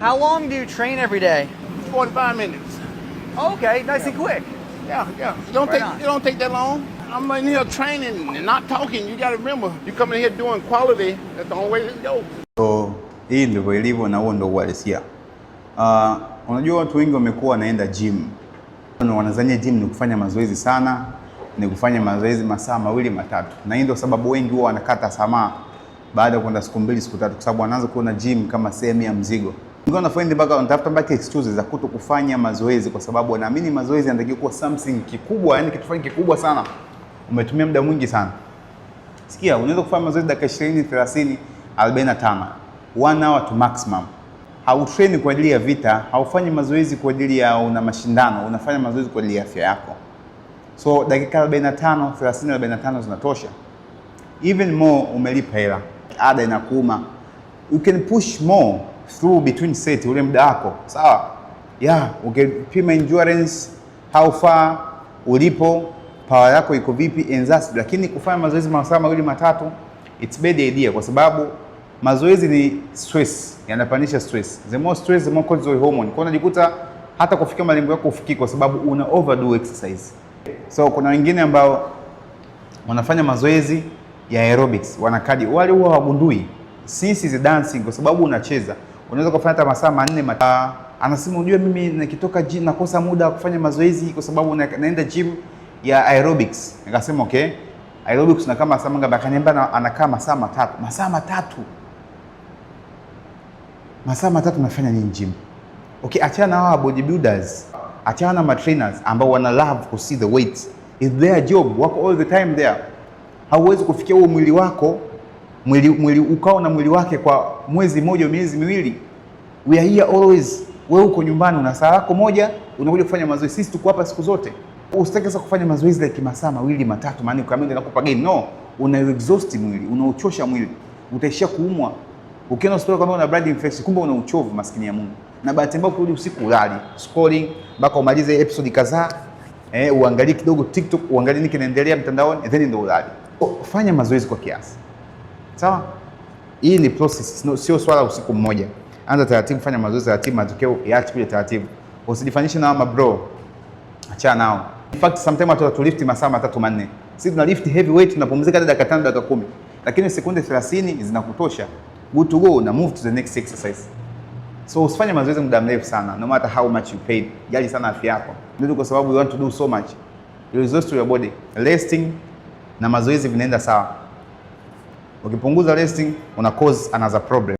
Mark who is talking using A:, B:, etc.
A: How long do you train every day?
B: 45 minutes.
A: Okay, nice yeah. and quick.
B: Yeah, yeah. It don't right take it don't take that long. I'm in here training and not talking. You gotta remember, you come in here doing quality. That's the only way to go.
C: So hii ndivyo ilivyo na huo ndio uhalisia. Uh, unajua watu wengi wamekuwa wanaenda gym. Wanazania gym ni kufanya mazoezi sana, ni kufanya mazoezi masaa mawili matatu, na hii ndio sababu wengi huwa wanakata samaa baada ya kwenda siku mbili siku tatu, kwa sababu wanaanza kuona gym kama sehemu ya mzigo. Nilikuwa na friend mpaka wanatafuta mpaka excuses za kuto kufanya mazoezi, kwa sababu naamini mazoezi yanatakiwa kuwa something kikubwa, yani kitu fulani kikubwa sana, umetumia muda mwingi sana. Sikia, unaweza kufanya mazoezi dakika 20, 30, 45, one hour to maximum. Hautreni kwa ajili ya vita, haufanyi mazoezi kwa ajili ya una mashindano, unafanya mazoezi kwa ajili ya afya yako. So dakika 45, 30, 45 zinatosha. Even more, umelipa hela, ada inakuuma, you can push more through between set ule muda wako sawa, ya yeah, ungepima endurance how far ulipo, power yako iko vipi enzasi, lakini kufanya mazoezi masaa mawili matatu, it's bad idea, kwa sababu mazoezi ni stress, yanapandisha stress, the more stress the more cortisol hormone, kwa unajikuta hata kufikia malengo yako ufikii, kwa sababu una overdo exercise. So kuna wengine ambao wanafanya mazoezi ya aerobics, wana cardio, wale huwa wagundui since is dancing, kwa sababu unacheza unaweza kufanya hata masaa manne mata. Anasema unajua, mimi nikitoka gym nakosa muda wa kufanya mazoezi kwa sababu na, naenda gym ya aerobics. Nikasema okay, aerobics na kama masaa mangapi? Akaniambia anakaa masaa matatu. Masaa matatu, masaa matatu nafanya nini gym? Okay, achana na hawa bodybuilders, achana na matrainers ambao wana love to see the weight, is their job, wako all the time there. Hauwezi kufikia huo mwili wako mwili, mwili ukao na mwili wake kwa mwezi mmoja miezi miwili, we are here always. Wewe uko nyumbani una saa yako moja, unakuja kufanya mazoezi, sisi tuko hapa siku zote. Usitaki sasa kufanya mazoezi like masaa mawili matatu, maana kama ndio nakupa game. no, una exhaust mwili, unauchosha mwili, utaishia kuumwa. Ukiona hospitali kama una blood infection, kumbe una uchovu, maskini ya Mungu. Na bahati mbaya kurudi usiku ulali scrolling mpaka umalize episode kadhaa, eh, uangalie kidogo TikTok, uangalie nini kinaendelea mtandaoni, then ndio ulali. Fanya mazoezi kwa kiasi. Sawa? Hii ni process, sio swala usiku mmoja. Anza taratibu, fanya mazoezi taratibu, matokeo yaache kuja taratibu. Usijifanishe na wama bro. Achana nao. In fact sometimes watu watu lift masaa matatu manne. Sisi tuna lift heavy weight tunapumzika hata dakika 5 dakika 10. Lakini sekunde 30 zinakutosha. Good to go na move to the next exercise. So usifanye mazoezi muda mrefu sana no matter how much you paid. Jali sana afya yako. Ndio kwa sababu you want to do so much. You resort your body. Resting na mazoezi vinaenda sawa. Ukipunguza resting una cause another problem.